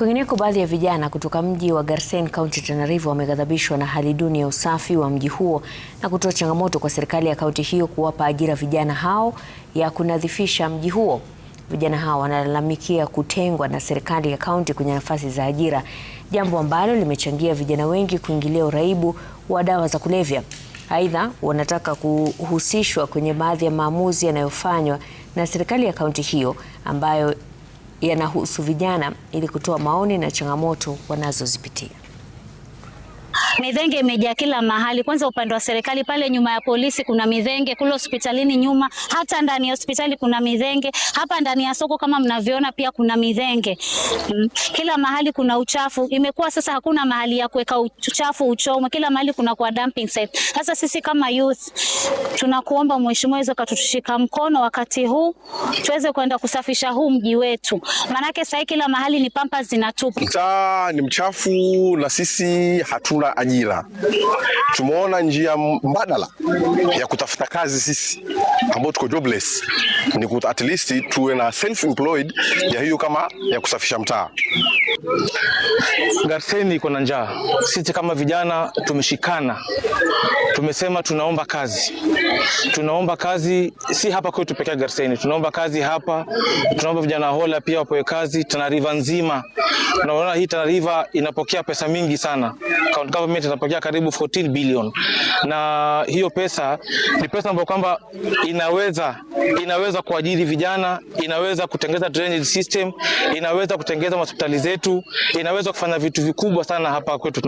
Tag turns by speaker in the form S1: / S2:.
S1: Kwingineko, baadhi ya vijana kutoka mji wa Garsen, kaunti Tana River, wameghadhabishwa na hali duni ya usafi wa mji huo na kutoa changamoto kwa serikali ya kaunti hiyo kuwapa ajira vijana hao ya kunadhifisha mji huo. Vijana hao wanalalamikia kutengwa na serikali ya kaunti kwenye nafasi za ajira, jambo ambalo limechangia vijana wengi kuingilia uraibu wa dawa za kulevya. Aidha, wanataka kuhusishwa kwenye baadhi ya maamuzi yanayofanywa na serikali ya kaunti hiyo ambayo yanahusu vijana ili kutoa maoni na changamoto wanazozipitia.
S2: Midhenge imejaa kila mahali, kwanza upande wa serikali pale nyuma ya polisi kuna midhenge, kule hospitalini nyuma, hata ndani ya hospitali kuna midhenge, hapa ndani ya soko kama mnavyoona pia kuna midhenge. Mm, kila mahali kuna uchafu, imekuwa sasa hakuna mahali ya kuweka uchafu uchome, kila mahali kuna kwa dumping site. Sasa sisi kama youth tunakuomba mheshimiwa, hizo katutushika mkono wakati huu tuweze kwenda kusafisha huu mji wetu, maanake sasa kila mahali ni pampa zinatupa.
S3: Mtaa ni mchafu na sisi hatuna ajira, tumeona njia mbadala ya kutafuta kazi sisi ambao tuko jobless ni kut, at least tuwe na self employed ya hiyo kama ya kusafisha mtaa.
S4: Garseni iko na njaa. Sisi kama vijana tumeshikana, tumesema tunaomba kazi, tunaomba kazi, si hapa kwetu pekee Garseni, tunaomba kazi hapa, tunaomba vijana Hola pia wapewe kazi, Tana River nzima. Unaona hii Tana River inapokea pesa mingi sana, county government inapokea karibu 14 billion, na hiyo pesa ni pesa ambayo kwamba inaweza inaweza inaweza kuajiri vijana, inaweza kutengeza drainage system, inaweza kutengeza hospitali zetu, inaweza kufanya vitu vikubwa sana hapa kwetu.